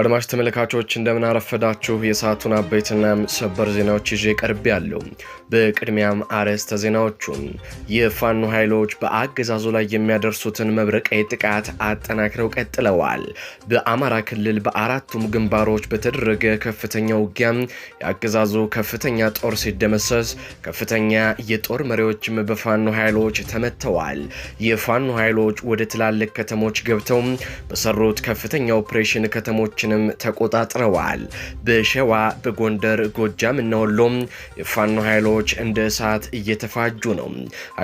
አድማጭ ተመልካቾች እንደምን አረፈዳችሁ። የሰዓቱን አበይትና ሰበር ዜናዎች ይዤ ቀርብ ያለው። በቅድሚያም አርዕስተ ዜናዎቹን የፋኖ ኃይሎች በአገዛዙ ላይ የሚያደርሱትን መብረቃዊ ጥቃት አጠናክረው ቀጥለዋል። በአማራ ክልል በአራቱም ግንባሮች በተደረገ ከፍተኛ ውጊያም የአገዛዙ ከፍተኛ ጦር ሲደመሰስ፣ ከፍተኛ የጦር መሪዎችም በፋኖ ኃይሎች ተመተዋል። የፋኖ ኃይሎች ወደ ትላልቅ ከተሞች ገብተው በሰሩት ከፍተኛ ኦፕሬሽን ከተሞች ከተሞችንም ተቆጣጥረዋል። በሸዋ በጎንደር ጎጃም እና ወሎም የፋኖ ኃይሎች እንደ እሳት እየተፋጁ ነው።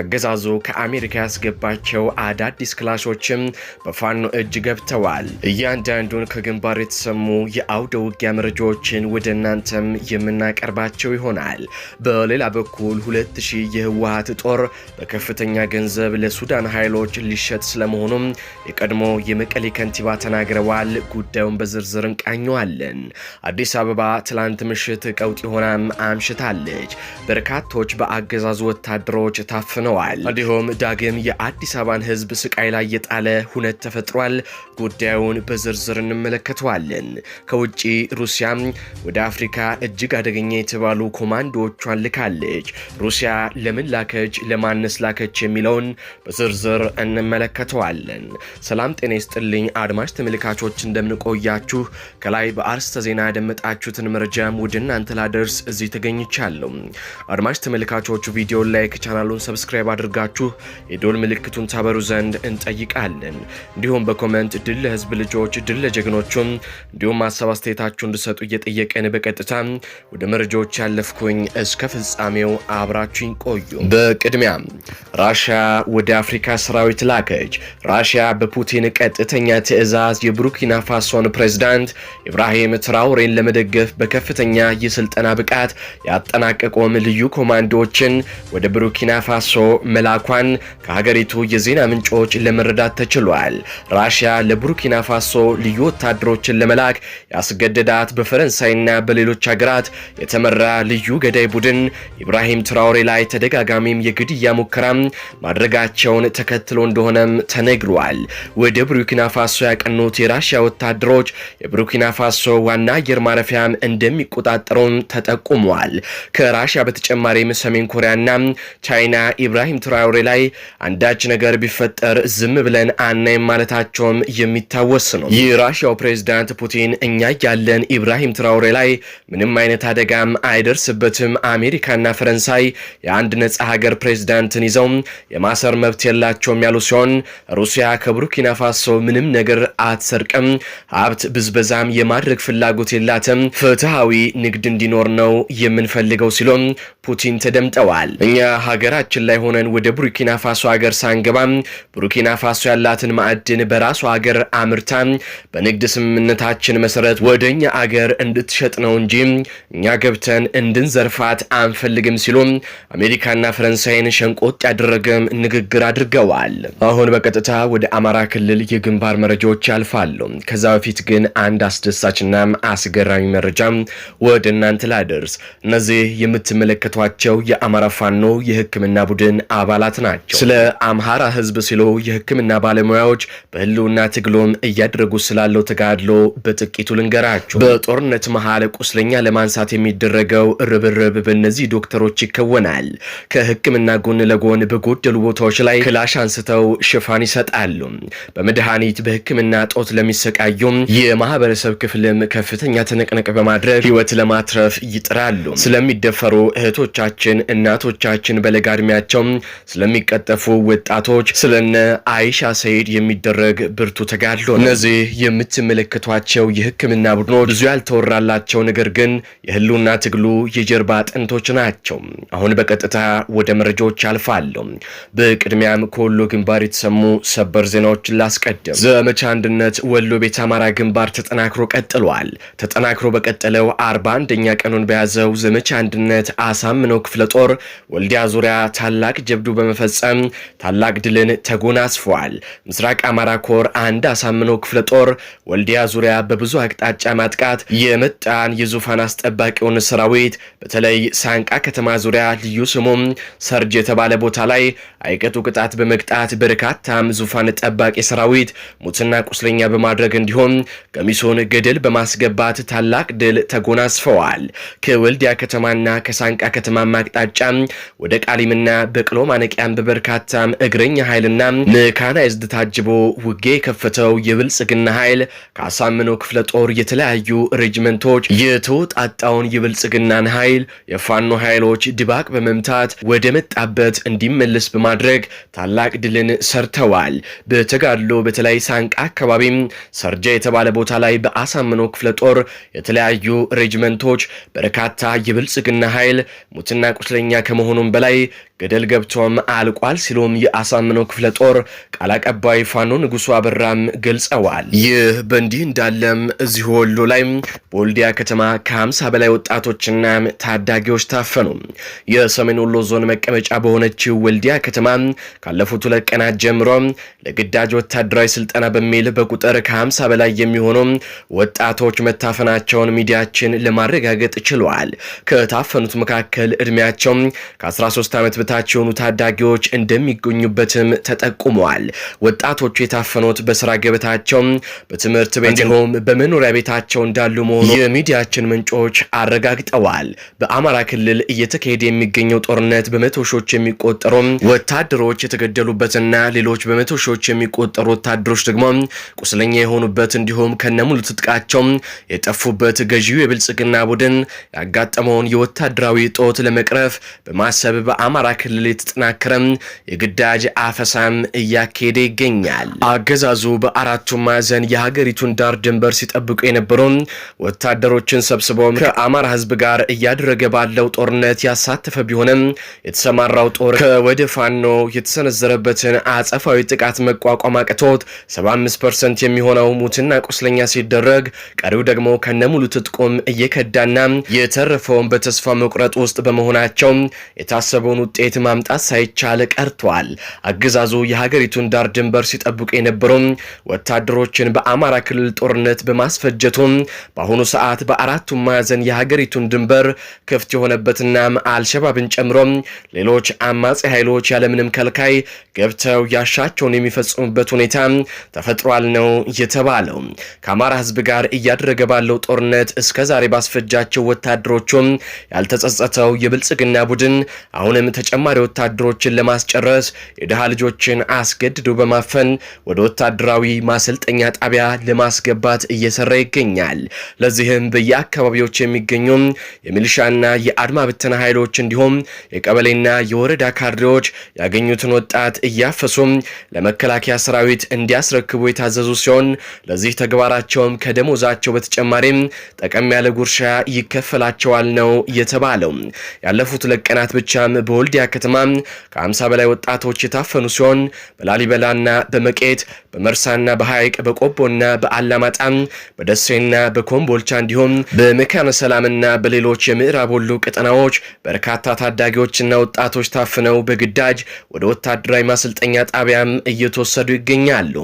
አገዛዙ ከአሜሪካ ያስገባቸው አዳዲስ ክላሾችም በፋኖ እጅ ገብተዋል። እያንዳንዱን ከግንባር የተሰሙ የአውደ ውጊያ መረጃዎችን ወደ እናንተም የምናቀርባቸው ይሆናል። በሌላ በኩል ሁለት ሺህ የህወሀት ጦር በከፍተኛ ገንዘብ ለሱዳን ኃይሎች ሊሸጥ ስለመሆኑም የቀድሞ የመቀሌ ከንቲባ ተናግረዋል። ጉዳዩን በዝርዝር በዝርዝር እንቃኘዋለን። አዲስ አበባ ትላንት ምሽት ቀውጢ ሆናም አምሽታለች። በርካቶች በአገዛዙ ወታደሮች ታፍነዋል። እንዲሁም ዳግም የአዲስ አበባን ህዝብ ስቃይ ላይ የጣለ ሁነት ተፈጥሯል። ጉዳዩን በዝርዝር እንመለከተዋለን። ከውጭ ሩሲያም ወደ አፍሪካ እጅግ አደገኛ የተባሉ ኮማንዶዎቿን ልካለች። ሩሲያ ለምን ላከች፣ ለማነስ ላከች የሚለውን በዝርዝር እንመለከተዋለን። ሰላም ጤና ይስጥልኝ አድማጭ ተመልካቾች እንደምንቆያችሁ አድርጋችሁ ከላይ በአርስተ ዜና ያደመጣችሁትን መረጃም ወደ እናንተ ላደርስ እዚህ ተገኝቻለሁ። አድማጭ ተመልካቾቹ ቪዲዮን ላይክ፣ ቻናሉን ሰብስክራይብ አድርጋችሁ የዶል ምልክቱን ታበሩ ዘንድ እንጠይቃለን። እንዲሁም በኮመንት ድል ለህዝብ ልጆች፣ ድል ለጀግኖቹም እንዲሁም ሀሳብ አስተያየታችሁ እንድሰጡ እየጠየቀን በቀጥታ ወደ መረጃዎች ያለፍኩኝ እስከ ፍጻሜው አብራችኝ ቆዩ። በቅድሚያ ራሽያ ወደ አፍሪካ ሰራዊት ላከች። ራሽያ በፑቲን ቀጥተኛ ትዕዛዝ የቡርኪና ፋሶን ፕሬዝዳንት ፕሬዝዳንት ኢብራሂም ትራውሬን ለመደገፍ በከፍተኛ የስልጠና ብቃት ያጠናቀቁም ልዩ ኮማንዶዎችን ወደ ቡርኪና ፋሶ መላኳን ከሀገሪቱ የዜና ምንጮች ለመረዳት ተችሏል። ራሽያ ለቡርኪና ፋሶ ልዩ ወታደሮችን ለመላክ ያስገደዳት በፈረንሳይና በሌሎች ሀገራት የተመራ ልዩ ገዳይ ቡድን ኢብራሂም ትራውሬ ላይ ተደጋጋሚም የግድያ ሙከራም ማድረጋቸውን ተከትሎ እንደሆነም ተነግሯል። ወደ ቡርኪና ፋሶ ያቀኑት የራሽያ ወታደሮች የቡርኪና ፋሶ ዋና አየር ማረፊያም እንደሚቆጣጠሩም ተጠቁመዋል። ከራሽያ በተጨማሪም ሰሜን ኮሪያና ቻይና ኢብራሂም ትራውሬ ላይ አንዳች ነገር ቢፈጠር ዝም ብለን አናይም ማለታቸውም የሚታወስ ነው። የራሽያው ፕሬዝዳንት ፑቲን እኛ ያለን ኢብራሂም ትራውሬ ላይ ምንም አይነት አደጋም አይደርስበትም፣ አሜሪካና ፈረንሳይ የአንድ ነጻ ሀገር ፕሬዝዳንትን ይዘው የማሰር መብት የላቸውም ያሉ ሲሆን ሩሲያ ከቡርኪና ፋሶ ምንም ነገር አትሰርቅም ሀብት ብዙ ብዝበዛም የማድረግ ፍላጎት የላትም። ፍትሐዊ ንግድ እንዲኖር ነው የምንፈልገው ሲሎም ፑቲን ተደምጠዋል። እኛ ሀገራችን ላይ ሆነን ወደ ቡርኪና ፋሶ ሀገር ሳንገባም ቡርኪና ፋሶ ያላትን ማዕድን በራሷ ሀገር አምርታ በንግድ ስምምነታችን መሰረት ወደ እኛ አገር እንድትሸጥ ነው እንጂ እኛ ገብተን እንድንዘርፋት አንፈልግም ሲሉ አሜሪካና ፈረንሳይን ሸንቆጥ ያደረገም ንግግር አድርገዋል። አሁን በቀጥታ ወደ አማራ ክልል የግንባር መረጃዎች ያልፋሉ። ከዛ በፊት ግን አንድ አስደሳችና አስገራሚ መረጃ ወደ እናንተ ላደርስ። እነዚህ የምትመለከቷቸው የአማራ ፋኖ የህክምና ቡድን አባላት ናቸው። ስለ አምሃራ ህዝብ ሲሉ የህክምና ባለሙያዎች በህልውና ትግሎም እያደረጉ ስላለው ተጋድሎ በጥቂቱ ልንገራቸው በጦርነት መሃል ቁስለኛ ለማንሳት የሚደረገው ርብርብ በእነዚህ ዶክተሮች ይከወናል። ከህክምና ጎን ለጎን በጎደሉ ቦታዎች ላይ ክላሽ አንስተው ሽፋን ይሰጣሉ። በመድኃኒት በህክምና ጦት ለሚሰቃዩም የማ የማህበረሰብ ክፍልም ከፍተኛ ትንቅንቅ በማድረግ ህይወት ለማትረፍ ይጥራሉ። ስለሚደፈሩ እህቶቻችን፣ እናቶቻችን፣ በለጋ እድሜያቸው ስለሚቀጠፉ ወጣቶች፣ ስለነ አይሻ ሰይድ የሚደረግ ብርቱ ተጋድሎ ነው። እነዚህ የምትመለከቷቸው የህክምና ቡድኖች ብዙ ያልተወራላቸው ነገር ግን የህልውና ትግሉ የጀርባ አጥንቶች ናቸው። አሁን በቀጥታ ወደ መረጃዎች አልፋለሁ። በቅድሚያም ከወሎ ግንባር የተሰሙ ሰበር ዜናዎችን ላስቀድም። ዘመቻ አንድነት ወሎ ቤተ አማራ ግንባር ተጠናክሮ ቀጥሏል። ተጠናክሮ በቀጠለው አርባ አንደኛ ቀኑን በያዘው ዘመቻ አንድነት አሳምነው ክፍለ ጦር ወልዲያ ዙሪያ ታላቅ ጀብዱ በመፈጸም ታላቅ ድልን ተጎናጽፏል። ምስራቅ አማራ ኮር አንድ አሳምነው ክፍለ ጦር ወልዲያ ዙሪያ በብዙ አቅጣጫ ማጥቃት የመጣን የዙፋን አስጠባቂውን ሰራዊት በተለይ ሳንቃ ከተማ ዙሪያ ልዩ ስሙም ሰርጅ የተባለ ቦታ ላይ አይቀጡ ቅጣት በመቅጣት በርካታም ዙፋን ጠባቂ ሰራዊት ሙትና ቁስለኛ በማድረግ እንዲሁም ሚሶን ገደል በማስገባት ታላቅ ድል ተጎናስፈዋል። ከወልዲያ ከተማና ከሳንቃ ከተማ አቅጣጫ ወደ ቃሊምና በቅሎ ማነቂያም በበርካታ እግረኛ ኃይልና መካናይዝድ ታጅቦ ውጌ የከፈተው የብልጽግና ኃይል ከአሳምኖ ክፍለ ጦር የተለያዩ ሬጅመንቶች የተወጣጣውን የብልጽግናን ኃይል የፋኖ ኃይሎች ድባቅ በመምታት ወደ መጣበት እንዲመለስ በማድረግ ታላቅ ድልን ሰርተዋል። በተጋድሎ በተለይ ሳንቃ አካባቢም ሰርጃ የተባለ ቦታ ቦታ ላይ በአሳምኖ ክፍለ ጦር የተለያዩ ሬጅመንቶች በርካታ የብልጽግና ኃይል ሙትና ቁስለኛ ከመሆኑም በላይ ገደል ገብቶም አልቋል ሲሉም የአሳምነው ክፍለ ጦር ቃል አቀባይ ፋኖ ንጉሱ አበራም ገልጸዋል። ይህ በእንዲህ እንዳለም እዚሁ ወሎ ላይ በወልዲያ ከተማ ከ50 በላይ ወጣቶችና ታዳጊዎች ታፈኑ። የሰሜን ወሎ ዞን መቀመጫ በሆነችው ወልዲያ ከተማ ካለፉት ሁለት ቀናት ጀምሮ ለግዳጅ ወታደራዊ ስልጠና በሚል በቁጥር ከ50 በላይ የሚሆኑ ወጣቶች መታፈናቸውን ሚዲያችን ለማረጋገጥ ችሏል። ከታፈኑት መካከል ዕድሜያቸው ከ13 ዓመት በታች የሆኑ ታዳጊዎች እንደሚገኙበትም ተጠቁመዋል። ወጣቶቹ የታፈኑት በስራ ገበታቸው፣ በትምህርት ቤት እንዲሁም በመኖሪያ ቤታቸው እንዳሉ መሆኑ የሚዲያችን ምንጮች አረጋግጠዋል። በአማራ ክልል እየተካሄደ የሚገኘው ጦርነት በመቶ ሺዎች የሚቆጠሩ ወታደሮች የተገደሉበትና ሌሎች በመቶ ሺዎች የሚቆጠሩ ወታደሮች ደግሞ ቁስለኛ የሆኑበት እንዲሁም ከነሙሉ ትጥቃቸው የጠፉበት ገዢው የብልጽግና ቡድን ያጋጠመውን የወታደራዊ ጦት ለመቅረፍ በማሰብ በአማራ ክልል የተጠናከረም የግዳጅ አፈሳም እያካሄደ ይገኛል። አገዛዙ በአራቱ ማዕዘን የሀገሪቱን ዳር ድንበር ሲጠብቁ የነበሩ ወታደሮችን ሰብስበውም ከአማራ ህዝብ ጋር እያደረገ ባለው ጦርነት ያሳተፈ ቢሆንም የተሰማራው ጦር ከወደ ፋኖ የተሰነዘረበትን አጸፋዊ ጥቃት መቋቋም አቅቶት 75 ፐርሰንት የሚሆነው ሙትና ቁስለኛ ሲደረግ ቀሪው ደግሞ ከነሙሉ ትጥቁም እየከዳና የተረፈውን በተስፋ መቁረጥ ውስጥ በመሆናቸው የታሰበውን ውጤት ውጤት ማምጣት ሳይቻል ቀርቷል። አገዛዙ የሀገሪቱን ዳር ድንበር ሲጠብቁ የነበረው ወታደሮችን በአማራ ክልል ጦርነት በማስፈጀቱ በአሁኑ ሰዓት በአራቱም ማዕዘን የሀገሪቱን ድንበር ክፍት የሆነበትና አልሸባብን ጨምሮ ሌሎች አማጺ ኃይሎች ያለምንም ከልካይ ገብተው ያሻቸውን የሚፈጽሙበት ሁኔታ ተፈጥሯል ነው የተባለው። ከአማራ ህዝብ ጋር እያደረገ ባለው ጦርነት እስከዛሬ ባስፈጃቸው ወታደሮቹም ያልተጸጸተው የብልጽግና ቡድን አሁንም ተጨማሪ ወታደሮችን ለማስጨረስ የድሃ ልጆችን አስገድዶ በማፈን ወደ ወታደራዊ ማሰልጠኛ ጣቢያ ለማስገባት እየሰራ ይገኛል። ለዚህም በየአካባቢዎች የሚገኙ የሚሊሻና የአድማ ብተና ኃይሎች እንዲሁም የቀበሌና የወረዳ ካድሬዎች ያገኙትን ወጣት እያፈሱም ለመከላከያ ሰራዊት እንዲያስረክቡ የታዘዙ ሲሆን ለዚህ ተግባራቸውም ከደሞዛቸው በተጨማሪም ጠቀም ያለ ጉርሻ ይከፈላቸዋል ነው የተባለው። ያለፉት ለቀናት ብቻም በወልድ ላሊበላ ከተማ ከ50 በላይ ወጣቶች የታፈኑ ሲሆን በላሊበላና በመቄት በመርሳና በሐይቅ በቆቦና በአላማጣ በደሴና በኮምቦልቻ እንዲሁም በመካነ ሰላምና በሌሎች የምዕራብ ወሎ ቀጠናዎች በርካታ ታዳጊዎችና ወጣቶች ታፍነው በግዳጅ ወደ ወታደራዊ ማሰልጠኛ ጣቢያም እየተወሰዱ ይገኛሉ።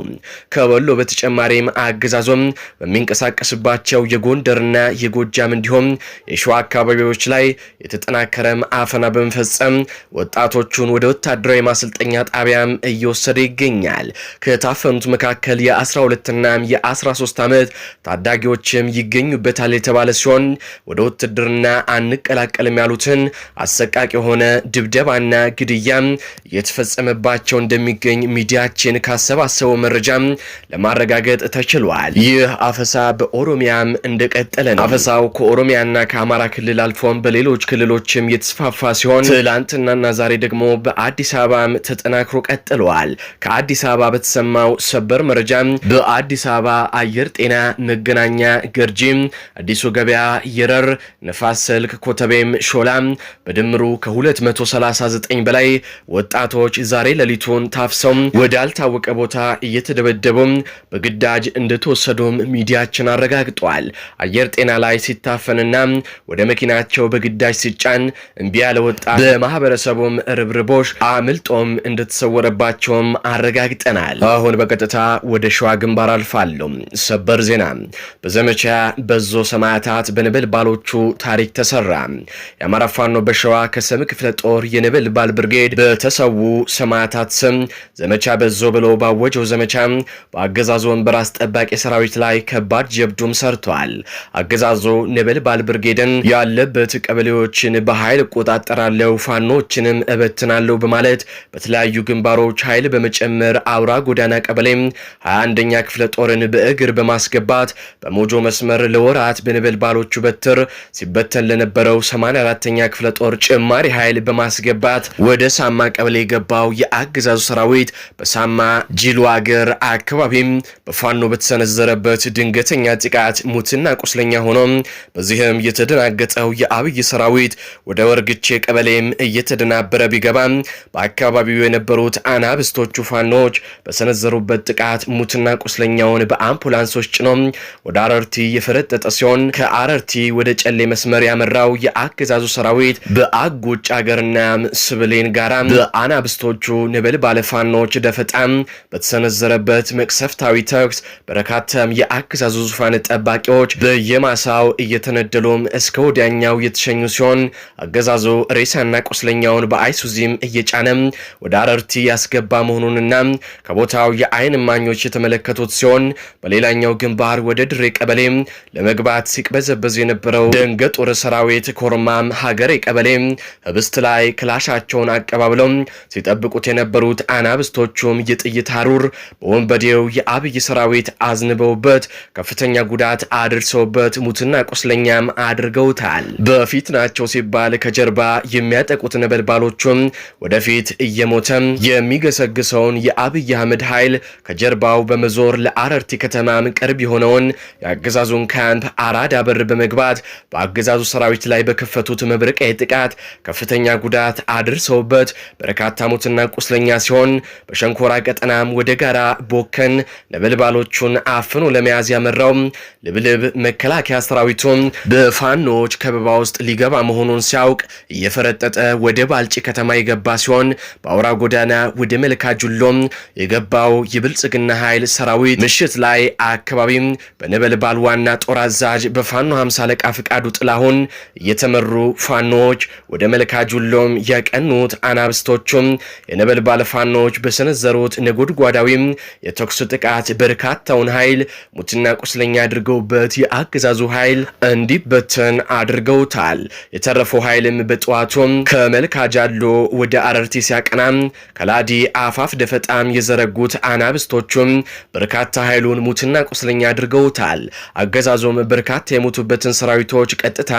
ከወሎ በተጨማሪም አገዛዞም በሚንቀሳቀስባቸው የጎንደርና የጎጃም እንዲሁም የሸዋ አካባቢዎች ላይ የተጠናከረም አፈና በመፈጸም ወጣቶቹን ወደ ወታደራዊ ማሰልጠኛ ጣቢያም እየወሰደ ይገኛል። ከታፈኑት መካከል የ12ና የ13 ዓመት ታዳጊዎችም ይገኙበታል የተባለ ሲሆን ወደ ውትድርና አንቀላቀልም ያሉትን አሰቃቂ የሆነ ድብደባና ግድያም እየተፈጸመባቸው እንደሚገኝ ሚዲያችን ካሰባሰበው መረጃ ለማረጋገጥ ተችሏል። ይህ አፈሳ በኦሮሚያም እንደቀጠለ ነው። አፈሳው ከኦሮሚያና ከአማራ ክልል አልፎም በሌሎች ክልሎችም የተስፋፋ ሲሆን ትላንትና ትናንትናና ዛሬ ደግሞ በአዲስ አበባም ተጠናክሮ ቀጥለዋል። ከአዲስ አበባ በተሰማው ሰበር መረጃ በአዲስ አበባ አየር ጤና፣ መገናኛ፣ ገርጂም፣ አዲሱ ገበያ፣ የረር፣ ነፋስ ስልክ፣ ኮተቤም፣ ሾላም በድምሩ ከ239 በላይ ወጣቶች ዛሬ ሌሊቱን ታፍሰው ወዳልታወቀ ቦታ እየተደበደቡ በግዳጅ እንደተወሰዱም ሚዲያችን አረጋግጧል። አየር ጤና ላይ ሲታፈንና ወደ መኪናቸው በግዳጅ ሲጫን እምቢ ያለ ወጣት በማህበረሰብ ቤተሰቡም ርብርቦሽ አምልጦም እንደተሰወረባቸውም አረጋግጠናል። አሁን በቀጥታ ወደ ሸዋ ግንባር አልፋሉ። ሰበር ዜና በዘመቻ በዞ ሰማዕታት በነበልባሎቹ ታሪክ ተሰራ። የአማራ ፋኖ በሸዋ ከሰም ክፍለ ጦር የነበልባል ብርጌድ በተሰዉ ሰማዕታት ስም ዘመቻ በዞ ብሎ ባወጀው ዘመቻ በአገዛዙ ወንበር አስጠባቂ ሰራዊት ላይ ከባድ ጀብዱም ሰርቷል። አገዛዙ ነበልባል ብርጌድን ያለበት ቀበሌዎችን በኃይል እቆጣጠራለሁ ፋኖች ኃይሎችንም እበትናለሁ በማለት በተለያዩ ግንባሮች ኃይል በመጨመር አውራ ጎዳና ቀበሌም 21ኛ ክፍለ ጦርን በእግር በማስገባት በሞጆ መስመር ለወራት በነበልባሎቹ በትር ሲበተን ለነበረው 84ኛ ክፍለ ጦር ጭማሪ ኃይል በማስገባት ወደ ሳማ ቀበሌ የገባው የአገዛዙ ሰራዊት በሳማ ጂሉ አገር አካባቢም በፋኖ በተሰነዘረበት ድንገተኛ ጥቃት ሙትና ቁስለኛ ሆኖም በዚህም የተደናገጠው የአብይ ሰራዊት ወደ ወርግቼ ቀበሌም እየተደ እየተደናበረ ቢገባም በአካባቢው የነበሩት አናብስቶቹ ፋኖች በሰነዘሩበት ጥቃት ሙትና ቁስለኛውን በአምቡላንሶች ጭኖ ወደ አረርቲ የፈረጠጠ ሲሆን ከአረርቲ ወደ ጨሌ መስመር ያመራው የአገዛዙ ሰራዊት በአጎጭ አገርና ስብሌን ጋራ በአናብስቶቹ ነበል ፋኖች ደፈጣም በተሰነዘረበት መቅሰፍታዊ ተኩስ በርካታም የአገዛዙ ዙፋን ጠባቂዎች በየማሳው እየተነደሉም እስከ ወዲያኛው የተሸኙ ሲሆን አገዛዙ ሬሳና ቁስለኛው መኪናውን በአይሱዚም እየጫነ ወደ አረርቲ ያስገባ መሆኑንና ከቦታው የአይን ማኞች የተመለከቱት ሲሆን በሌላኛው ግንባር ወደ ድሬ ቀበሌ ለመግባት ሲቅበዘበዝ የነበረው ደንገጡር ሰራዊት ኮርማም ሀገሬ ቀበሌ ህብስት ላይ ክላሻቸውን አቀባብለው ሲጠብቁት የነበሩት አናብስቶቹም የጥይት አሩር በወንበዴው የአብይ ሰራዊት አዝንበውበት ከፍተኛ ጉዳት አድርሰውበት ሙትና ቁስለኛም አድርገውታል። በፊት ናቸው ሲባል ከጀርባ የሚያጠቁት ነበልባ ነበልባሎቹም ወደፊት እየሞተ የሚገሰግሰውን የአብይ አህመድ ኃይል ከጀርባው በመዞር ለአረርቲ ከተማም ቅርብ የሆነውን የአገዛዙን ካምፕ አራዳ በር በመግባት በአገዛዙ ሰራዊት ላይ በከፈቱት መብረቂያ ጥቃት ከፍተኛ ጉዳት አድርሰውበት በርካታ ሞትና ቁስለኛ ሲሆን በሸንኮራ ቀጠናም ወደ ጋራ ቦከን ነበልባሎቹን አፍኖ ለመያዝ ያመራው ልብልብ መከላከያ ሰራዊቱም በፋኖች ከበባ ውስጥ ሊገባ መሆኑን ሲያውቅ እየፈረጠጠ ወደ ባልጭ ከተማ የገባ ሲሆን በአውራ ጎዳና ወደ መልካ ጁሎም የገባው የብልጽግና ኃይል ሰራዊት ምሽት ላይ አካባቢም በነበልባል ዋና ጦር አዛዥ በፋኖ ሀምሳ አለቃ ፍቃዱ ጥላሁን እየተመሩ ፋኖዎች ወደ መልካ ጁሎም ያቀኑት አናብስቶቹም የነበልባል ፋኖዎች በሰነዘሩት ነጎድጓዳዊም የተኩስ ጥቃት በርካታውን ኃይል ሙትና ቁስለኛ አድርገውበት የአገዛዙ ኃይል እንዲበተን አድርገውታል። የተረፈው ኃይልም በጠዋቱም ከመልካ ጃሎ ወደ አረርቲ ሲያቀናም ከላዲ አፋፍ ደፈጣም የዘረጉት አናብስቶቹም በርካታ ኃይሉን ሙትና ቁስለኛ አድርገውታል። አገዛዞም በርካታ የሞቱበትን ሰራዊቶች ቀጥታ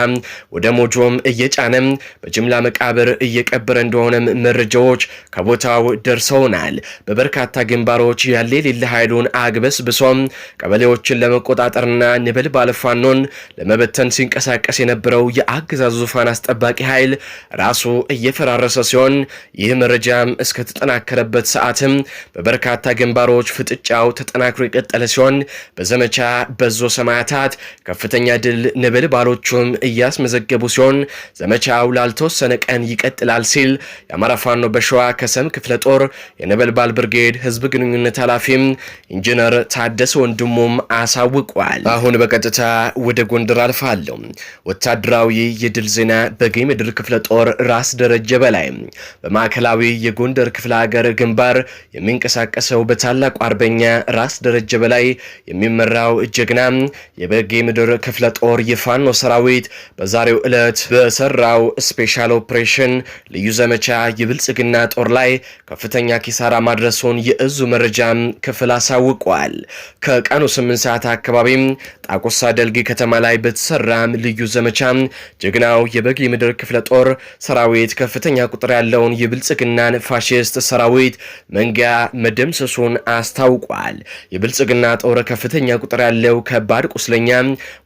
ወደ ሞጆም እየጫነም በጅምላ መቃብር እየቀበረ እንደሆነም መረጃዎች ከቦታው ደርሰውናል። በበርካታ ግንባሮች ያለ የሌለ ኃይሉን አግበስብሶም ቀበሌዎችን ለመቆጣጠርና ንበል ባለፋኖን ለመበተን ሲንቀሳቀስ የነበረው የአገዛዙ ዙፋን አስጠባቂ ኃይል ራሱ የፈራረሰ ሲሆን ይህ መረጃም እስከተጠናከረበት ሰዓትም በበርካታ ግንባሮች ፍጥጫው ተጠናክሮ የቀጠለ ሲሆን በዘመቻ በዞ ሰማዕታት ከፍተኛ ድል ነበልባሎቹም እያስመዘገቡ ሲሆን ዘመቻው ላልተወሰነ ቀን ይቀጥላል ሲል የአማራ ፋኖ በሸዋ ከሰም ክፍለ ጦር የነበልባል ብርጌድ ህዝብ ግንኙነት ኃላፊም ኢንጂነር ታደሰ ወንድሙም አሳውቋል። አሁን በቀጥታ ወደ ጎንደር አልፋለሁ። ወታደራዊ የድል ዜና በጌ ምድር ክፍለ ጦር ራስ ደረ ደረጀ በላይ በማዕከላዊ የጎንደር ክፍለ ሀገር ግንባር የሚንቀሳቀሰው በታላቁ አርበኛ ራስ ደረጀ በላይ የሚመራው ጀግና የበጌ ምድር ክፍለ ጦር የፋኖ ሰራዊት በዛሬው ዕለት በሰራው ስፔሻል ኦፕሬሽን ልዩ ዘመቻ የብልጽግና ጦር ላይ ከፍተኛ ኪሳራ ማድረሱን የእዙ መረጃ ክፍል አሳውቋል። ከቀኑ 8 ሰዓት አካባቢም ጣቁሳ ደልጊ ከተማ ላይ በተሰራም ልዩ ዘመቻ ጀግናው የበጌ ምድር ክፍለ ጦር ሰራዊት ከፍተኛ ቁጥር ያለውን የብልጽግናን ፋሽስት ሰራዊት መንጋ መደምሰሱን አስታውቋል። የብልጽግና ጦር ከፍተኛ ቁጥር ያለው ከባድ ቁስለኛ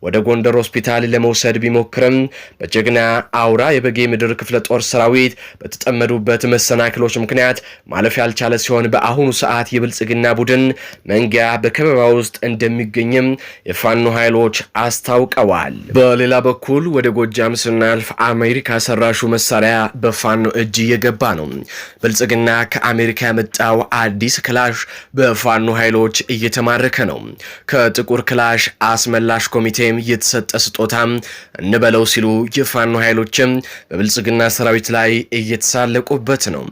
ወደ ጎንደር ሆስፒታል ለመውሰድ ቢሞክርም በጀግና አውራ የበጌ ምድር ክፍለ ጦር ሰራዊት በተጠመዱበት መሰናክሎች ምክንያት ማለፍ ያልቻለ ሲሆን በአሁኑ ሰዓት የብልጽግና ቡድን መንጋ በከበባ ውስጥ እንደሚገኝም የፋኖ ኃይሎች አስታውቀዋል። በሌላ በኩል ወደ ጎጃም ስናልፍ አሜሪካ ሰራሹ መሳሪያ በ በፋኖ እጅ እየገባ ነው። ብልጽግና ከአሜሪካ የመጣው አዲስ ክላሽ በፋኖ ኃይሎች እየተማረከ ነው። ከጥቁር ክላሽ አስመላሽ ኮሚቴም የተሰጠ ስጦታ እንበለው ሲሉ የፋኖ ኃይሎችም በብልጽግና ሰራዊት ላይ እየተሳለቁበት ነው።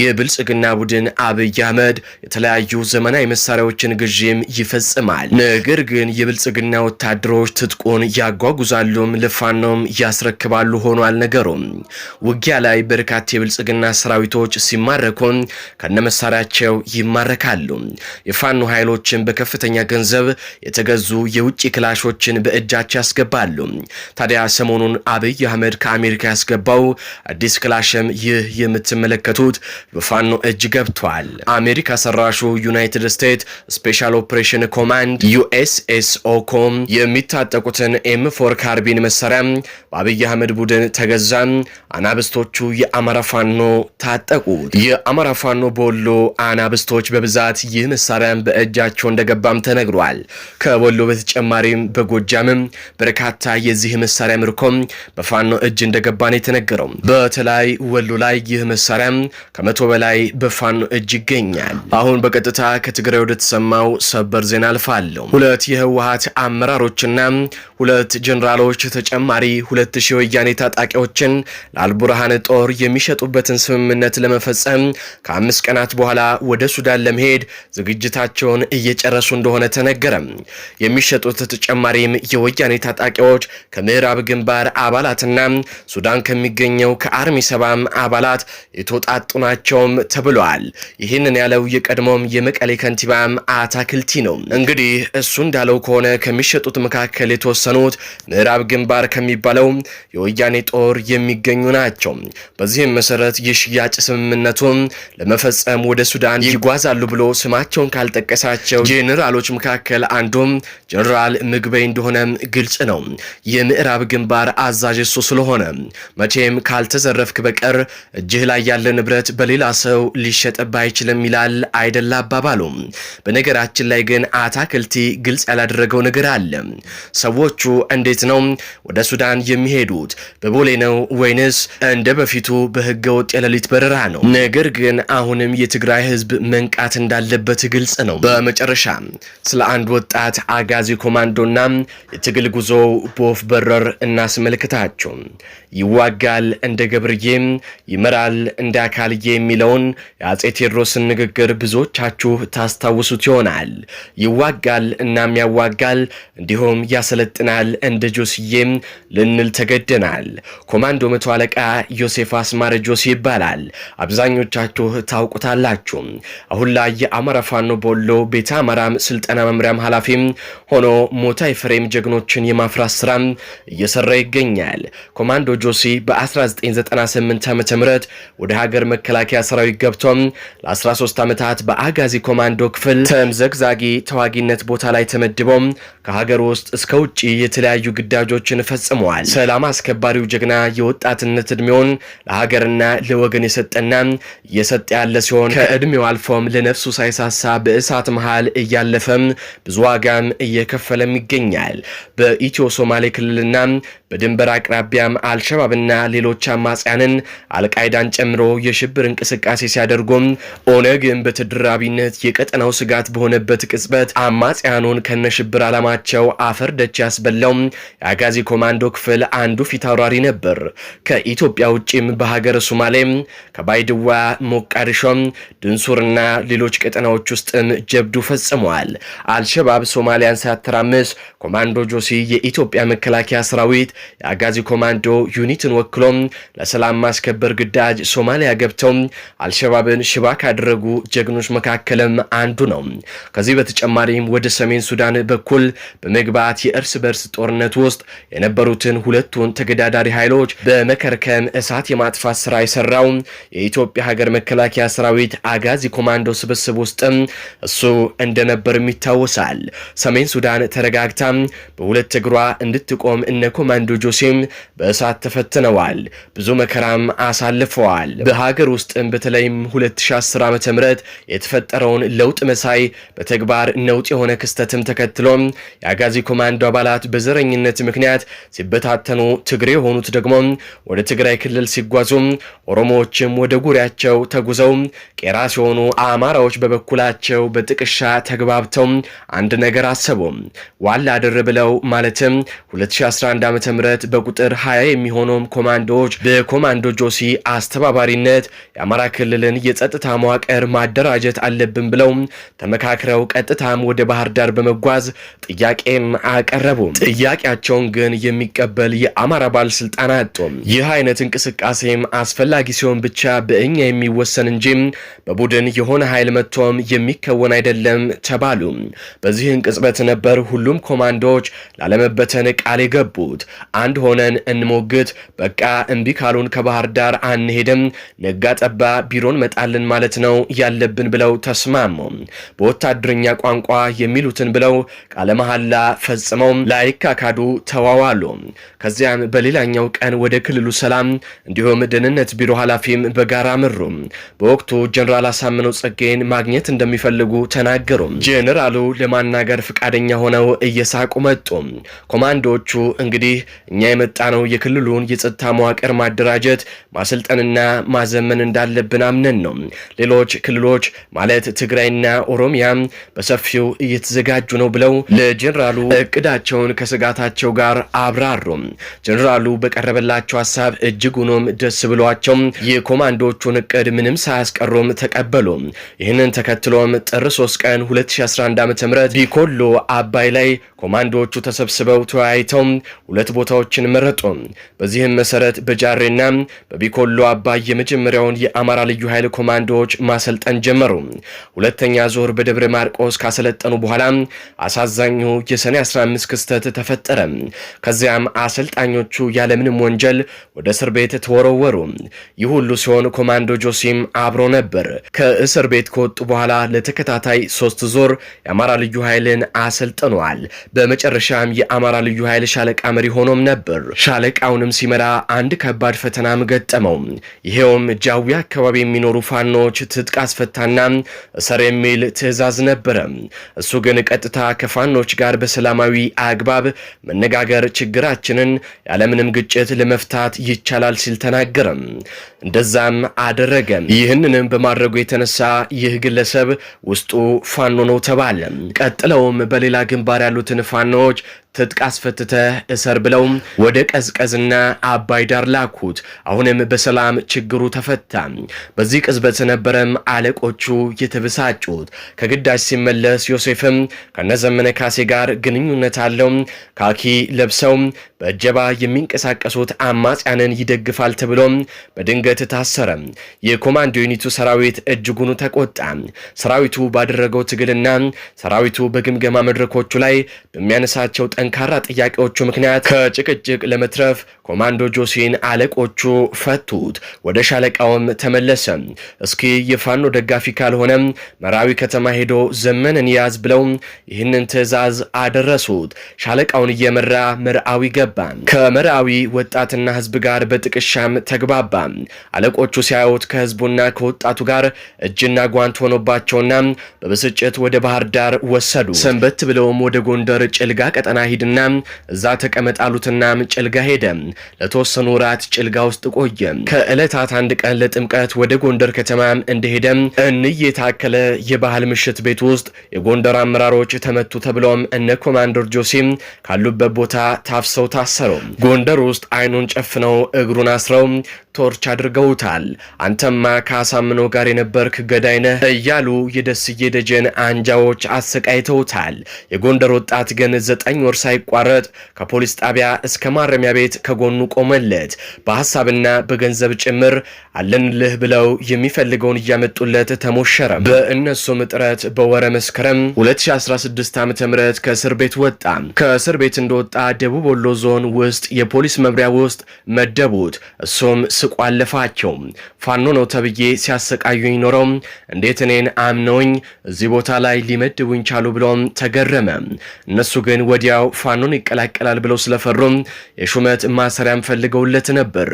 የብልጽግና ቡድን አብይ አህመድ የተለያዩ ዘመናዊ መሳሪያዎችን ግዥም ይፈጽማል። ነገር ግን የብልጽግና ወታደሮች ትጥቁን ያጓጉዛሉም፣ ለፋኖም ያስረክባሉ። ሆኗል ነገሩም ውጊያ ላይ ላይ በርካታ የብልጽግና ሰራዊቶች ሲማረኩ ከነመሳሪያቸው ይማረካሉ። የፋኖ ኃይሎችን በከፍተኛ ገንዘብ የተገዙ የውጭ ክላሾችን በእጃቸው ያስገባሉ። ታዲያ ሰሞኑን አብይ አህመድ ከአሜሪካ ያስገባው አዲስ ክላሽም ይህ የምትመለከቱት በፋኖ እጅ ገብቷል። አሜሪካ ሰራሹ ዩናይትድ ስቴትስ ስፔሻል ኦፕሬሽን ኮማንድ ዩኤስኤስኦ የሚታጠቁትን ኤም ፎር ካርቢን መሳሪያ በአብይ አህመድ ቡድን ተገዛ። አናብስቶቹ የአማራ ፋኖ ታጠቁት። የአማራ ፋኖ በወሎ አናብስቶች በብዛት ይህ መሳሪያን በእጃቸው እንደገባም ተነግሯል። ከወሎ በተጨማሪም በጎጃምም በርካታ የዚህ መሳሪያ ምርኮም በፋኖ እጅ እንደገባ ነው የተነገረው። በተለይ ወሎ ላይ ይህ መሳሪያም ከመቶ በላይ በፋኖ እጅ ይገኛል። አሁን በቀጥታ ከትግራይ ወደ ተሰማው ሰበር ዜና አልፋለሁ። ሁለት የህወሀት አመራሮችና ሁለት ጀኔራሎች ተጨማሪ ሁለት ሺህ ወያኔ ታጣቂዎችን ለአልቡርሃን ጦር የሚሸጡበትን ስምምነት ለመፈጸም ከአምስት ቀናት በኋላ ወደ ሱዳን ለመሄድ ዝግጅታቸውን እየጨረሱ እንደሆነ ተነገረ። የሚሸጡት ተጨማሪም የወያኔ ታጣቂዎች ከምዕራብ ግንባር አባላትና ሱዳን ከሚገኘው ከአርሚ ሰባም አባላት የተውጣጡ ናቸውም ተብለዋል። ይህንን ያለው የቀድሞም የመቀሌ ከንቲባም አታክልቲ ነው። እንግዲህ እሱ እንዳለው ከሆነ ከሚሸጡት መካከል የተወሰኑት ምዕራብ ግንባር ከሚባለው የወያኔ ጦር የሚገኙ ናቸው። በዚህም መሰረት የሽያጭ ስምምነቱን ለመፈጸም ወደ ሱዳን ይጓዛሉ ብሎ ስማቸውን ካልጠቀሳቸው ጄኔራሎች መካከል አንዱም ጄኔራል ምግበይ እንደሆነም ግልጽ ነው። የምዕራብ ግንባር አዛዥ እሱ ስለሆነ መቼም ካልተዘረፍክ በቀር እጅህ ላይ ያለ ንብረት በሌላ ሰው ሊሸጠብ አይችልም ይላል አይደል አባባሉ። በነገራችን ላይ ግን አታክልቲ ግልጽ ያላደረገው ነገር አለ። ሰዎቹ እንዴት ነው ወደ ሱዳን የሚሄዱት? በቦሌ ነው ወይንስ እንደ በፊ በፊቱ በህገ ወጥ የሌሊት በረራ ነው። ነገር ግን አሁንም የትግራይ ህዝብ መንቃት እንዳለበት ግልጽ ነው። በመጨረሻ ስለ አንድ ወጣት አጋዚ ኮማንዶና የትግል ጉዞ በወፍ በረር እናስመልክታቸው። ይዋጋል እንደ ገብርዬም ይመራል እንደ አካልዬ የሚለውን የአጼ ቴዎድሮስን ንግግር ብዙዎቻችሁ ታስታውሱት ይሆናል። ይዋጋል እናም ያዋጋል እንዲሁም ያሰለጥናል እንደ ጆስዬም ልንል ተገደናል። ኮማንዶ መቶ አለቃ ዮሴፍ አስማረ ጆሲ ይባላል። አብዛኞቻችሁ ታውቁታላችሁ። አሁን ላይ የአማራ ፋኖ በወሎ ቤተ አማራም ስልጠና መምሪያም ኃላፊም ሆኖ ሞታይ ፍሬም ጀግኖችን የማፍራት ስራ እየሰራ ይገኛል። ኮማንዶ ጆሲ በ1998 ዓ ም ወደ ሀገር መከላከያ ሰራዊት ገብቶም ለ13 ዓመታት በአጋዚ ኮማንዶ ክፍል ተምዘግዛጊ ተዋጊነት ቦታ ላይ ተመድቦም ከሀገር ውስጥ እስከ ውጭ የተለያዩ ግዳጆችን ፈጽመዋል። ሰላም አስከባሪው ጀግና የወጣትነት እድሜውን ለሀገርና ለወገን የሰጠና እየሰጠ ያለ ሲሆን ከእድሜው አልፎም ለነፍሱ ሳይሳሳ በእሳት መሃል እያለፈም ብዙ ዋጋም እየከፈለም ይገኛል። በኢትዮ ሶማሌ ክልልና በድንበር አቅራቢያም አልሸባብና ሌሎች አማጽያንን አልቃይዳን ጨምሮ የሽብር እንቅስቃሴ ሲያደርጉም ኦነግን በተደራቢነት የቀጠናው ስጋት በሆነበት ቅጽበት አማጽያኑን ከነሽብር ዓላማቸው አፈር ደች ያስበላው የአጋዚ ኮማንዶ ክፍል አንዱ ፊት ነበር። ከኢትዮጵያ ውጭም በሀገረ ሶማሌም ከባይድዋ፣ ሞቃዲሾም፣ ድንሱርና ሌሎች ቀጠናዎች ውስጥም ጀብዱ ፈጽመዋል። አልሸባብ ሶማሊያን ሳያተራምስ ኮማንዶ ጆሲ የኢትዮጵያ መከላከያ ሰራዊት የአጋዚ ኮማንዶ ዩኒትን ወክሎም ለሰላም ማስከበር ግዳጅ ሶማሊያ ገብተው አልሸባብን ሽባ ካደረጉ ጀግኖች መካከልም አንዱ ነው። ከዚህ በተጨማሪም ወደ ሰሜን ሱዳን በኩል በመግባት የእርስ በርስ ጦርነት ውስጥ የነበሩትን ሁለቱን ተገዳዳሪ ኃይሎች በመከርከም እሳት የማጥፋት ስራ የሰራው የኢትዮጵያ ሀገር መከላከያ ሰራዊት አጋዚ ኮማንዶ ስብስብ ውስጥም እሱ እንደነበርም ይታወሳል። ሰሜን ሱዳን ተረጋግታ በሁለት እግሯ እንድትቆም እነ ኮማንዶ ጆሴም በእሳት ተፈትነዋል። ብዙ መከራም አሳልፈዋል። በሀገር ውስጥም በተለይም 2010 ዓ ም የተፈጠረውን ለውጥ መሳይ በተግባር ነውጥ የሆነ ክስተትም ተከትሎም የአጋዚ ኮማንዶ አባላት በዘረኝነት ምክንያት ሲበታተኑ፣ ትግሬ የሆኑት ደግሞ ወደ ትግራይ ክልል ሲጓዙ ኦሮሞዎችም ወደ ጉሪያቸው ተጉዘው ቄራ ሲሆኑ፣ አማራዎች በበኩላቸው በጥቅሻ ተግባብተው አንድ ነገር አሰቡ ዋላ አድር ብለው ማለትም 2011 ዓ ም ንብረት በቁጥር 20 የሚሆነውም ኮማንዶዎች በኮማንዶ ጆሲ አስተባባሪነት የአማራ ክልልን የጸጥታ መዋቅር ማደራጀት አለብን ብለው ተመካክረው ቀጥታም ወደ ባህር ዳር በመጓዝ ጥያቄም አቀረቡ። ጥያቄያቸውን ግን የሚቀበል የአማራ ባለስልጣን አጡም። ይህ አይነት እንቅስቃሴም አስፈላጊ ሲሆን ብቻ በእኛ የሚወሰን እንጂ በቡድን የሆነ ኃይል መጥቶም የሚከወን አይደለም ተባሉ። በዚህ ቅጽበት ነበር ሁሉም ኮማንዶዎች ላለመበተን ቃል የገቡት። አንድ ሆነን እንሞግት። በቃ እምቢ ካሉን ከባህር ዳር አንሄድም፣ ነጋ ጠባ ቢሮን መጣልን ማለት ነው ያለብን ብለው ተስማሙ። በወታደረኛ ቋንቋ የሚሉትን ብለው ቃለ መሐላ ፈጽመው ላይካካዱ ተዋዋሉ። ከዚያም በሌላኛው ቀን ወደ ክልሉ ሰላም እንዲሁም ደህንነት ቢሮ ኃላፊም በጋራ መሩ። በወቅቱ ጀኔራል አሳምነው ጽጌን ማግኘት እንደሚፈልጉ ተናገሩ። ጀኔራሉ ለማናገር ፈቃደኛ ሆነው እየሳቁ መጡ። ኮማንዶዎቹ እንግዲህ እኛ የመጣ ነው የክልሉን የጸጥታ መዋቅር ማደራጀት ማሰልጠንና ማዘመን እንዳለብን አምነን ነው። ሌሎች ክልሎች ማለት ትግራይና ኦሮሚያ በሰፊው እየተዘጋጁ ነው ብለው ለጀኔራሉ እቅዳቸውን ከስጋታቸው ጋር አብራሩ። ጀኔራሉ በቀረበላቸው ሀሳብ እጅጉንም ደስ ብሏቸው የኮማንዶቹን እቅድ ምንም ሳያስቀሩም ተቀበሉ። ይህንን ተከትሎም ጥር 3 ቀን 2011 ዓ ም ቢኮሎ አባይ ላይ ኮማንዶቹ ተሰብስበው ተወያይተው ሁለት ቦታ ቦታዎችን መረጡ። በዚህም መሰረት በጃሬና በቢኮሎ አባይ የመጀመሪያውን የአማራ ልዩ ኃይል ኮማንዶዎች ማሰልጠን ጀመሩ። ሁለተኛ ዞር በደብረ ማርቆስ ካሰለጠኑ በኋላ አሳዛኙ የሰኔ 15 ክስተት ተፈጠረ። ከዚያም አሰልጣኞቹ ያለምንም ወንጀል ወደ እስር ቤት ተወረወሩ። ይህ ሁሉ ሲሆን ኮማንዶ ጆሲም አብሮ ነበር። ከእስር ቤት ከወጡ በኋላ ለተከታታይ ሶስት ዞር የአማራ ልዩ ኃይልን አሰልጥነዋል። በመጨረሻም የአማራ ልዩ ኃይል ሻለቃ መሪ ሆኖም ነበር። ሻለቃውንም ሲመራ አንድ ከባድ ፈተናም ገጠመው። ይሄውም ጃዊ አካባቢ የሚኖሩ ፋኖች ትጥቅ አስፈታና እሰር የሚል ትዕዛዝ ነበረ። እሱ ግን ቀጥታ ከፋኖች ጋር በሰላማዊ አግባብ መነጋገር ችግራችንን ያለምንም ግጭት ለመፍታት ይቻላል ሲል ተናገረ። እንደዛም አደረገም። ይህንንም በማድረጉ የተነሳ ይህ ግለሰብ ውስጡ ፋኖ ነው ተባለ። ቀጥለውም በሌላ ግንባር ያሉትን ፋኖዎች ትጥቅ አስፈትተ እሰር ብለው ወደ ቀዝቀዝና አባይ ዳር ላኩት። አሁንም በሰላም ችግሩ ተፈታ። በዚህ ቅጽበት ነበረም አለቆቹ የተበሳጩት። ከግዳጅ ሲመለስ ዮሴፍም ከነዘመነ ካሴ ጋር ግንኙነት አለው፣ ካኪ ለብሰው በእጀባ የሚንቀሳቀሱት አማጽያንን ይደግፋል ተብሎ በድንገት ድንገት ታሰረ። የኮማንዶ ዩኒቱ ሰራዊት እጅጉኑ ተቆጣ። ሰራዊቱ ባደረገው ትግልና ሰራዊቱ በግምገማ መድረኮቹ ላይ በሚያነሳቸው ጠንካራ ጥያቄዎቹ ምክንያት ከጭቅጭቅ ለመትረፍ ኮማንዶ ጆሲን አለቆቹ ፈቱት። ወደ ሻለቃውም ተመለሰ። እስኪ የፋኖ ደጋፊ ካልሆነ መራዊ ከተማ ሄዶ ዘመንን ያዝ ብለው ይህንን ትዕዛዝ አደረሱት። ሻለቃውን እየመራ መርአዊ ገባ። ከመርአዊ ወጣትና ህዝብ ጋር በጥቅሻም ተግባባ። አለቆቹ ሲያዩት ከህዝቡና ከወጣቱ ጋር እጅና ጓንት ሆኖባቸውና በብስጭት ወደ ባህር ዳር ወሰዱ። ሰንበት ብለውም ወደ ጎንደር ጭልጋ ቀጠና ሂድና እዛ ተቀመጣሉትና ጭልጋ ሄደ። ለተወሰኑ ወራት ጭልጋ ውስጥ ቆየ። ከዕለታት አንድ ቀን ለጥምቀት ወደ ጎንደር ከተማ እንደሄደ እን የታከለ የባህል ምሽት ቤት ውስጥ የጎንደር አመራሮች ተመቱ ተብለውም እነ ኮማንደር ጆሲም ካሉበት ቦታ ታፍሰው ታሰረው። ጎንደር ውስጥ አይኑን ጨፍነው እግሩን አስረው ቶርች አድርገውታል። አንተማ ከአሳምነው ጋር የነበርክ ገዳይነ እያሉ የደስዬ ደጀን አንጃዎች አሰቃይተውታል። የጎንደር ወጣት ግን ዘጠኝ ወር ሳይቋረጥ ከፖሊስ ጣቢያ እስከ ማረሚያ ቤት ከጎኑ ቆመለት። በሀሳብና በገንዘብ ጭምር አለንልህ ብለው የሚፈልገውን እያመጡለት ተሞሸረ። በእነሱም ጥረት በወረ መስከረም 2016 ዓ ም ከእስር ቤት ወጣ። ከእስር ቤት እንደወጣ ደቡብ ወሎ ዞን ውስጥ የፖሊስ መምሪያ ውስጥ መደቡት። እሱም ስቆ አለፋቸው። ፋኖ ነው ተብዬ ሲያሰቃዩኝ ኖረው እንዴት እኔን አምነውኝ እዚህ ቦታ ላይ ሊመድቡኝ ቻሉ ብሎም ተገረመ። እነሱ ግን ወዲያው ፋኖን ይቀላቀላል ብለው ስለፈሩ የሹመት ማሰሪያም ፈልገውለት ነበር።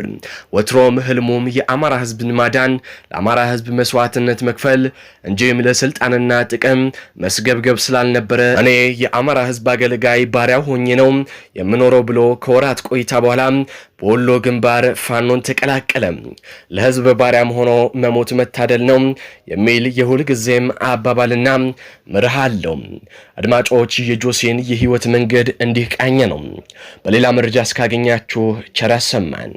ወትሮም ህልሙም የአማራ ህዝብን ማዳን፣ ለአማራ ህዝብ መስዋዕትነት መክፈል እንጂም ለስልጣንና ጥቅም መስገብገብ ስላልነበረ እኔ የአማራ ህዝብ አገልጋይ ባሪያ ሆኜ ነው የምኖረው ብሎ ከወራት ቆይታ በኋላ በወሎ ግንባር ፋኖን ተቀላቀለ። ለህዝብ ባሪያም ሆኖ መሞት መታደል ነው የሚል የሁል ጊዜም አባባልና መርህ አለው። አድማጮች፣ የጆሴን የህይወት መንገድ እንዲህ ቃኘ ነው። በሌላ መረጃ እስካገኛችሁ ቸር አሰማን።